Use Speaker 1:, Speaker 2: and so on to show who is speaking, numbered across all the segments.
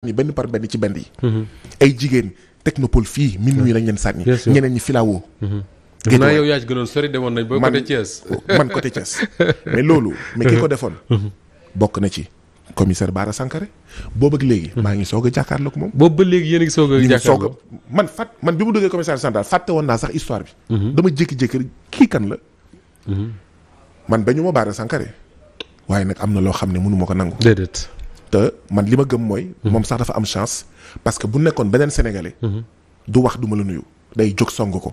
Speaker 1: ni benn par benn ci benn yi mhm. ay jigéen technopole fii minuit lañ leen sànni ñeneen ñi filawoo mhm. génn yow
Speaker 2: yaa ci gënoon sori demoon nañ booy côté Thiès man côté Thiès mais loolu mais ki ko mhm. defoon
Speaker 1: bokk na ci commissaire Bara Sankaré boobu ak léegi maa ngi soog a jàkkaarloog moom boobu ba léegi yéen a ngi soog a jàkkaarloog man fàtt man bi mu duggee commissaire central fàtte woon naa sax histoire bi dama jékki-jékki kii kan la man bañu ma Bara Sankaré waaye nag am na loo xam ne mënuma ko nangu déedéet te man li ma gëm mooy. moom sax dafa am chance. parce que bu nekkoon beneen sénégalais. du wax du ma la nuyu. day jóg song ko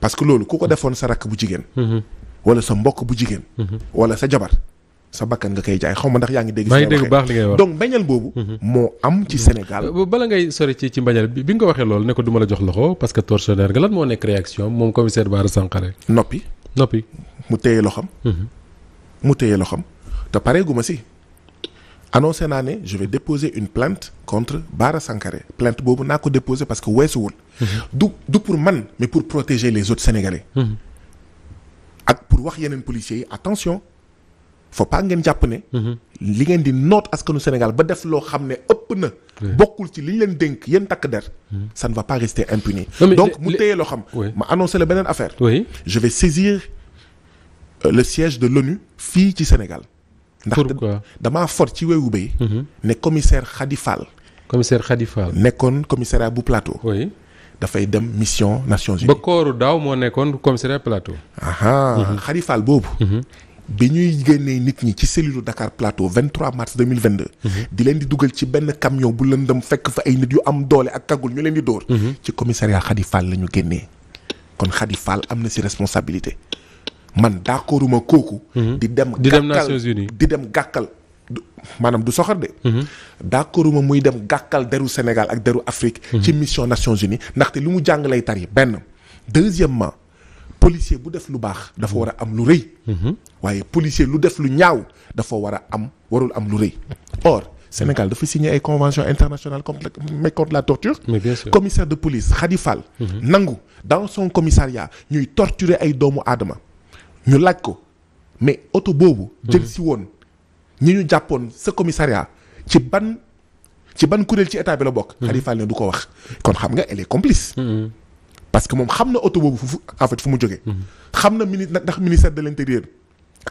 Speaker 1: parce que loolu ku ko defoon sa rakk bu jigéen. wala sa mbokk bu jigéen. wala sa jabar sa bakkan nga koy jaay xaw ma ndax yaa ngi dégg. maa ngi dégg baax li ngay wax donc mbañal boobu. moo am ci mhm. Sénégal.
Speaker 2: bala bi bi nga ko waxee loolu ne ko la jox loxo parce que tortionnaire nga lan moo nekk réaction
Speaker 1: moom commissaire Bara Sankaré. noppi noppi. mu téye loxam. Mhm. mu téye loxam te pareegu ma si. annoncé naa ne je vais déposer une plante contre Bara Sankaré plainte boobu naa ko déposer parce que weesuwul. du du pour man mais pour protéger les autres sénégalais. ak pour wax yeneen policier yi attention faut pas ngeen jàpp ne. li ngeen di noot askanu Sénégal ba def loo xam ne ëpp na. bokkul ci li leen dénk yéen takk der. ça ne va pas rester impuni. donc mu téye loo xam. ma annoncé la beneen affaire. oui je vais saisir euh, le siège de l'ONU fii ci Sénégal. ndax damaa for ci wewu bay mhm. ne commissaire Khady Fall commissaire Khady nekkoon commissariat bu plateau dafay dem mission Nations Unies ba
Speaker 2: kooru daaw moo nekkoon commissariat plateau
Speaker 1: aha mhm. Khady boobu mhm. bi ñuy génnee nit ñi ci cellule Dakar Plateau 23 mars 2022. di leen di dugal ci benn camion bu lëndëm fekk fa ay nit yu am doole ak kagul ñu leen di dóor ci commissariat Khady Fall la ñu génnee kon Khady Fall am na si responsabilité man d'accorduma kooku. Mhm. di dem di dem Nations Unies di dem gàkkal maanaam du soxor de. Mhm. d'accorduma muy dem gàkkal deru Sénégal ak deru Afrique. Mhm. ci mission Nations Unies ndaxte lu mu jàng lay tari benn. deuxièmement policier bu def lu baax dafa war a am lu rëy. waaye policier lu def lu ñaaw dafa war a am warul am lu rëy or. Sénégal dafa signé ay convention internationale contre la contre la torture. mais bien sûr commissaire de police Khady Fall. nangu dans son commissariat ñuy torturer ay doomu aadama. ñu laaj ko mais oto boobu. jël si mhm. woon ñi ñu jàppoon sa commissariat ci ban ci ban kuréel ci état bi la bokk. Mhm. Khalifa ne du ko wax kon xam nga elle est complice. Mhm. parce que moom xam na oto boobu fu en fu mu jógee. xam na mini ndax ministère de l'intérieur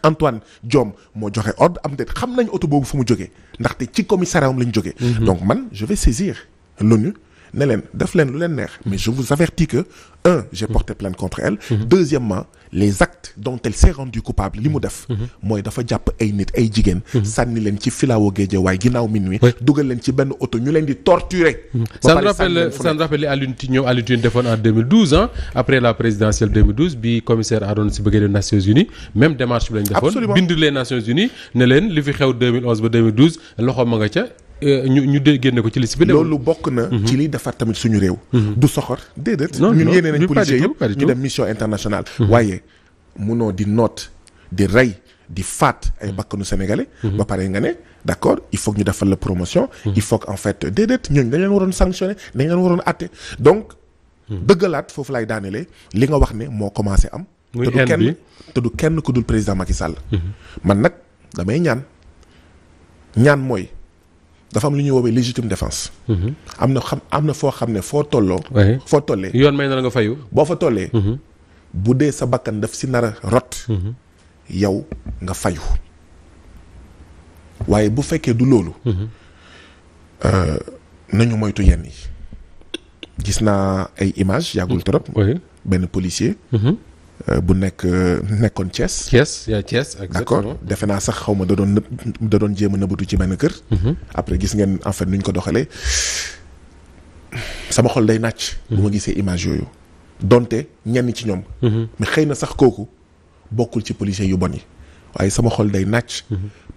Speaker 1: Antoine Diome moo joxe ordre am xam nañ oto boobu fu mu jógee ndaxte ci commissariat am la ñu jógee. donc man je vais saisir l'ONU ne leen def leen lu leen neex mais je vous avertis que un j'ai mmh. porté plainte contre elle mmh. deuxièmement les actes dont elle s'est rendue coupable li mu def mmh. mooy dafa jàpp ay nit ay jigéen sànni leen ci filaawo géeje waaye ginnaaw minuit dugal leen ci benn auto ñu leen di torturer ça me rappelle ça me
Speaker 2: rappelle Alioune Tine Alioune Tine defoon en 2012 ah après la présidentielle 2012 bi commissaire Haroun Sy bëggee dem Nations Unies même démarche bi lañ defoon bind les Nations Unies ne leen li fi xew 2011 ba Euh, ñu ñu dee génne ko ci liste bi. loolu bokk
Speaker 1: na. Mhm. ci liy defar tamit suñu réew. Mhm. du soxor déedéet. ñun yéene nañ policiers yëpp ñu dem mission internationale. Mhm. waaye munoo di noot di rey. di faat ay bakkanu sénégalais. ba pare nga ne d' accord il faut que ñu defal la promotion. il faut que en fait déedéet ñooñu dañ leen waroon sanctionné dañ leen waroon àtte donc. dëggalaat foofu laay daanelee li nga wax ne moo commencé am. te du kenn te du kenn ku dul président Macky Sall. man nag damay ñaan ñaan mooy. dafa am lu ñuy woowee légitime défense. Mhm. am na xam am na foo xam ne foo tolloo. foo tollee yoon may na la nga fayu. boo fa tollee. Mhm. bu dee sa bakkan daf si nar a rot. Mhm. yow nga fayu. waaye bu fekkee du loolu. Euh, nañu moytu yenn yi. gis naa ay images yàggul mm. trop. benn policier. Euh, bu nekk euh, nekkoon Thiès. Thiès yaa Thiès exactement d'accord defe naa sax xaw ma da doon da doon jéem a nëbbatu ci benn kër. Mhm. après gis ngeen en fait nu ñu ko doxalee sama xol day nàcc. Mhm. bu ma gisee image yooyu. donte ñenn ci ñoom. Mhm. mais xëy na sax kooku bokkul ci policiers yu bon yi waaye sama xol day nàcc.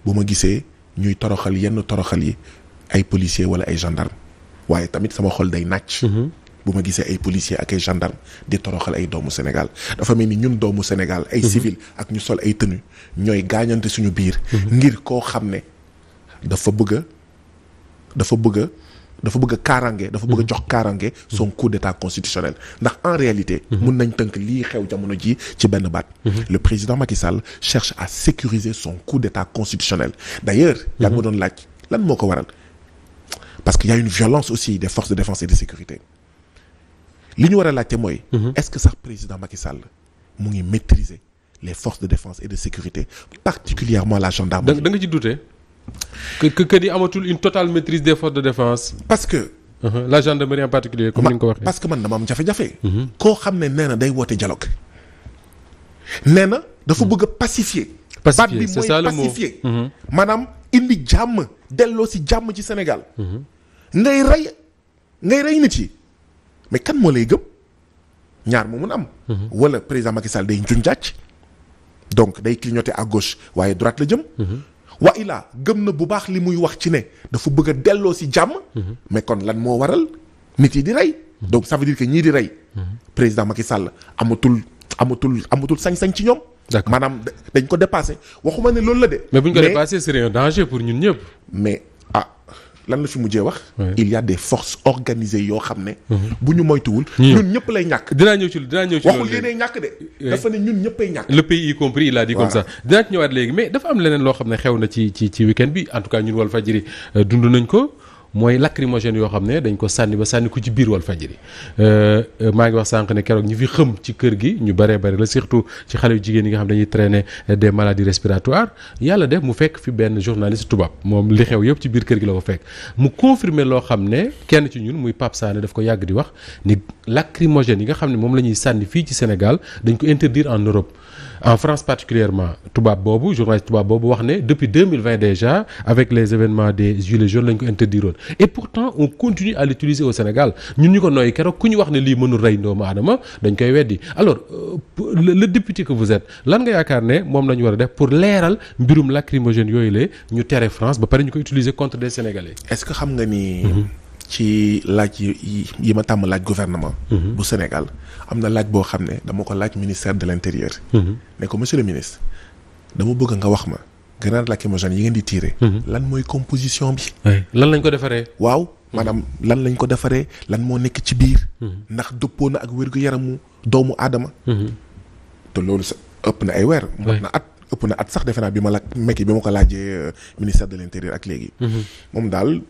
Speaker 1: bu ma gisee ñuy toroxal yenn toroxal yi ay policiers wala ay gendarmes waaye tamit sama xol day nàcc. bu ma gisee ay policiers ak ay gendarmes di toroxal ay doomu Sénégal dafa mel ni ñun doomu Sénégal. ay mhm. civil ak ñu sol ay tenue ñooy gaañante suñu biir. Mhm. ngir koo xam ne dafa bëgg dafa bëgg a dafa bëgg a kaarange dafa bëgg mhm. jox kaarange son coup d'état constitutionnel ndax en réalité. mun nañ tënk lii xew jamono ji ci benn baat. le président Macky Sall cherche à sécuriser son coup d'état constitutionnel d'ailleurs. yaa ngi doon laaj lan moo ko waral parce qu'il y a une violence aussi li ñu war a laajte mooy. Mhm. est-ce que sax président Macky Sall mu ngi maîtriser les forces de défense et de sécurité particulièrement la gendarmerie. da nga ci douter que ni amatul une totale maîtrise des forces de défense. parce que. Uh-huh. la gendarmerie en particulier comme ni nga ko waxee. parce mhm. koo xam ne nee na day woote dialogue. nee na dafa mhm. bëgg a pacifier. pacifier c'est ça le mot bi mooy
Speaker 2: pacifier.
Speaker 1: maanaam indi jàmm delloo si jàmm ci Sénégal. ngay rey ngay rey nit yi. mais kan moo lay gëm ñaar moo mun am. Mhm. wala président Macky Sall day njuñ jàcc donc day clignoter à gauche waaye droite la jëm. Mhm. wa illah gëm na bu baax li muy wax ci ne dafa bëgg delloo si jàmm. Mhm. mais kon lan moo waral nit yi di rey. donc ça veut ñii di rey. président Macky Sall amatul amatul amatul sañ-sañ ci ñoom. maanaam dañ ko dépassé waxuma ne loolu la de. mais bu ñu ko dépassé c'est un danger pour ñun ñëpp. mais ah lan la fi mujjee wax. il y a des yoo xam ne. Mhm. bu ñu moytuwul. ñun ñëpp lay ñàkk. dinaa ñëw ci dinaa ñëw loolu waxul yéenay ñàkk de. dafa ne ñun ñëppay ñàkk.
Speaker 2: le pays y compris il a dit comme ça. dinaa ci ñëwaat léegi mais dafa am leneen loo xam ne xew na ci ci ci week-end bi en tout cas ñun Walfadjri euh, dund nañ ko. mooy lacrymogène yoo xam ne dañ ko sànni ba sànni ko ci biir Walfadjri euh, euh, maa ngi wax sànq ne keroog ñi fi xëm ci kër gi ñu bëree bëri la surtout ci xale yu jigéen yi nga xam dañuy traîner des maladies respiratoires yàlla def mu fekk fi benn journaliste tubaab moom li xew yëpp ci biir kër gi la ko fekk mu confirmer loo xam ne kenn ci ñun muy Pape Sané daf ko yàgg di wax ni lacrymogène yi nga xam ne moom la ñuy sànni fii ci Sénégal dañ ko interdire en Europe en France particulièrement tubaab boobu journaliste tubaab boobu wax ne depuis 2020 déjà avec les événements des gilets jaunes lañ ko interdiroon et pourtant on continue à l'utiliser au Sénégal ñun ñu ko nooy keroog ku ñu wax ne lii mënul rey doomu aadama dañ koy weddi alors euh, le député que vous êtes lan nga yaakaar ne moom la ñu war a def pour leeral mbirum lacrymogène yooyu la ñu tere France ba pare ñu ko utiliser contre des Sénégalais
Speaker 1: est-ce que xam nga ni mhm. ci laaj yi yi ma tàmm laaj gouvernement. Mhm. bu Sénégal am na laaj boo xam ne dama ko laaj ministère de l'intérieur. Mhm. ne ko monsieur le ministre dama bëgg nga wax ma. grenade lacrymogène yi ngeen di tirer. Mhm. lan mooy composition bi. lan lañ ko defaree. waaw maanaam lan lañ ko defaree lan moo nekk ci biir. ndax dëppoo na ak wér-gu-yaramu doomu aadama. te loolu sa ëpp na ay weer. mot na at ëpp na bi ma la mekki bi ma ko laajee euh, ministère de mhm. daal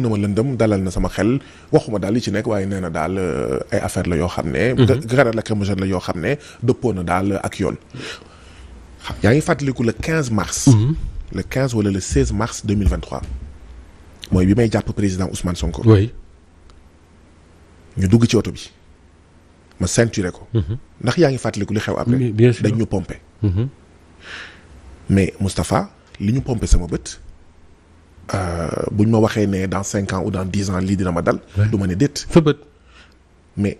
Speaker 1: ma lëndëm dalal na sama xel waxuma daal li ci euh, yoo xam ne. Mhm. grenade lacrymogène yoo xam ne dëppoo na daal ak yoon. yaa ngi fàttaliku le 15 mars. Mhm. le 15 wala le 16 mars 2023 mooy bi may jàpp président Ousmane Sonko. oui ñu dugg ci oto bi. ma ceinturé ko. ndax yaa ngi fàttaliku li xew après. dañ ñu mais Moustapha li ñu pompé sama bët euh, buñ ma waxee ne dans cinq ans ou dans dix ans lii dina ma dal. du ma ne déet. sa mais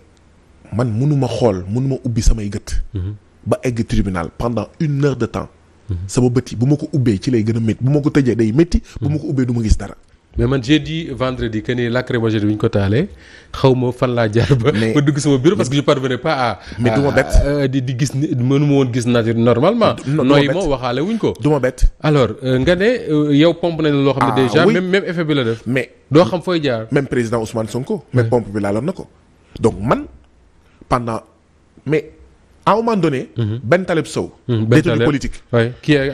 Speaker 1: man mënuma xool mënuma ubbi samay gët. Mhm. ba egg tribunal pendant une heure de temps. Mhm. sama bët yi bu ma ko ubbee ci lay gën a métti bu ma ko tëjee day métti. bu ma ko mhm. ubbee du ma gis dara.
Speaker 2: mais man j'ai dit vendredi que ni lacrymogène bi ñu ko taalee xaw ma fan laa jaar ba. ba dugg sama bureau parce que je parvenais pas à. mais du ma bett di gis mënu ma woon gis nature normalement. nooy ma waxaale wuñ ko. du ma bett alors euh, nga ne euh, yow pompe nañ loo xam ne ah, déjà même bi la def. mais
Speaker 1: doo xam fooy jaar. même président Ousmane Sonko. même pompe bi laaloon na ko. donc man pendant mais à un moment donné. Mhm. Ben Taleb Sow. Mhm. détenu politique.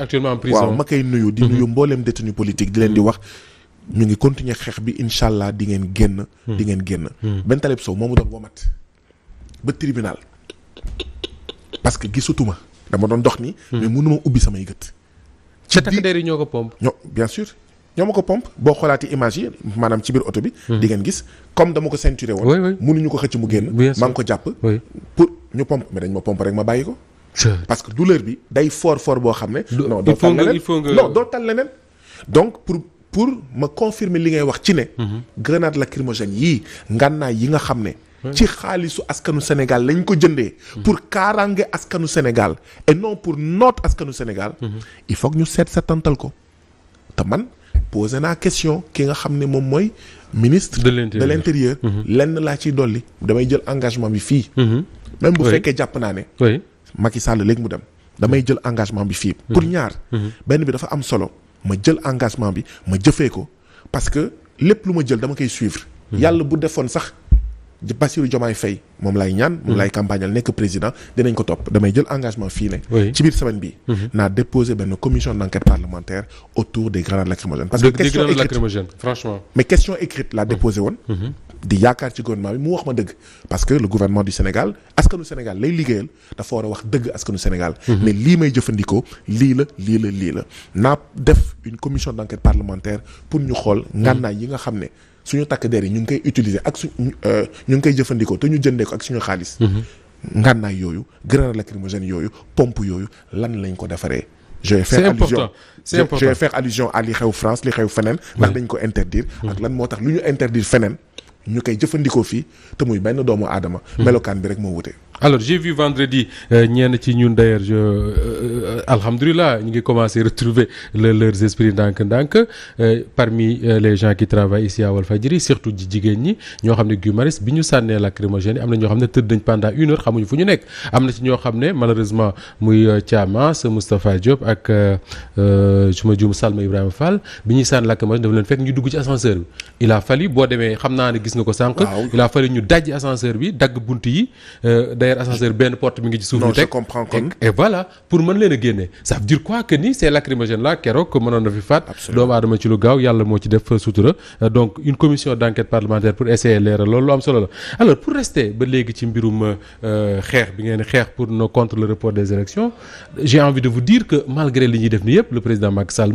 Speaker 1: actuellement en prison. Mhm. politique di leen di wax. ñu ngi continuer xeex bi incha allah di génn. Hmm. di ngeen génn. Hmm. benn Talib Sow moomu doon womat ba tribunal parce que gisatuma dama doon dox ni. Hmm. mais ma ubbi samay gët. ci takk
Speaker 2: der yi ñoo ko pompe.
Speaker 1: ñoo bien sûr ñoo ma ko pompe boo xoolaati image yi maanaam ci biir oto bi. di ngeen gis comme dama ko ceinturé woon. oui oui ko xëcc mu génn. maa ko jàpp. pour ñu pompe mais dañ ma pompe rek ma bàyyi ko. parce que douleur bi day fort foor boo xam ne. non doo tal leneen non doo tal pour ma confirmer li ngay wax ci ne. grenade lacrymogène yii naa yi nga xam ne. ci xaalisu askanu Sénégal lañ ko jëndee. pour kaaraange askanu Sénégal et non pour noot askanu Sénégal. il faut ñu seet setantal ko te man posé naa question ki nga xam ne moom mooy. ministre de l'intérieur mhm. lenn laa ciy dolli damay jël engagement bi fii mhm. même bu fekkee jàpp naa ne Macky Sall léegi mu dem damay jël engagement bi fii mhm. pour ñaar benn bi dafa am solo ma jël engagement bi ma jëfee ko parce lépp lu ma jël dama koy suivre. Mhm. yàlla bu defoon sax Bassirou Diomaye Faye moom lay ñaan. moom mhm. lay campagnal nekk président dinañ ko topp damay jël engagement fii ne. ci biir semaine bi mhm. naa déposé benn commission d' enquête parlementaire autour des grenades lacrymogènes. parce que question écrite franchement. mais question écrite laa déposé woon. di yaakaar ci gouvernement bi mu wax ma dëgg parce que le gouvernement du Sénégal askanu Sénégal lay liggéeyal dafa war a wax dëgg askanu Sénégal. Mhm. ne lii may jëfandikoo lii la lii la lii la naa def une commission d'enquête parlementaire pour ñu xool mhm. ngànnaay yi nga xam ne suñu takk der yi ñu ngi koy utiliser ak su euh, ñu ngi koy jëfandikoo te ñu jëndee ko ak suñu xaalis. Mhm. ngànnaay yooyu grenade lacrymogène yooyu pompe yooyu lan lañ ko defaree. je vais faire allusion c'est dañ ko interdire. lan moo tax lu ñu interdire ñu koy jëfandikoo fii te muy benn doomu aadama hmm. melokaan bi rek moo wute
Speaker 2: alors j'ai vu vendredi euh, ñenn ci ñun d'ailleurs je euh, euh, alhamdulilah ñu ngi commencer retrouver le leurs esprits ndànk-ndànk parmi les gens qui travaillent ici à Walfadjri surtout ji jigéen ñi ñoo xam ne Guy Marius bi ñu sànnee lacrymogène yi am na ñoo xam ne tëdd nañ pendant une heure xamuñu fu ñu nekk am na ci ñoo xam ne malheureusement muy Thiama sa Moustapha Diop ak su ma juum Salma Ibrahima Fall bi ñuy lakk lacrymogène dafa leen fekk ñu dugg ci ascenseur bi il a fallu boo demee xam naa ne gis nga ko sànq a fallu ñu dajji ascenseur bi dagg bunt yi derrière ascenseur benn porte mi ngi ci suuf. non
Speaker 1: je
Speaker 2: et voilà pour mën leen génne ça veut dire quoi que ni ces lacrymogènes là keroog mënoon na fi faat. doomu aadama ci lu gaaw yàlla moo ci def sutura donc une commission d' enquête parlementaire pour essayer leeral loolu am solo la. alors pour rester ba léegi ci mbirum euh, xeex bi ngeen xeex pour no contre le report des élections j'ai envie de vous dire que malgré li ñuy def nii yëpp le président Macky Sall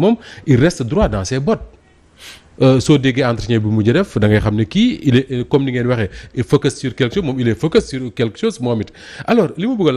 Speaker 2: Euh, soo déggee entretien bi mu mujj def xam ne kii il est comme ni ngeen waxee il focus sur quelque chose moom il est focus sur quelque chose moom it alors li ma bëgg a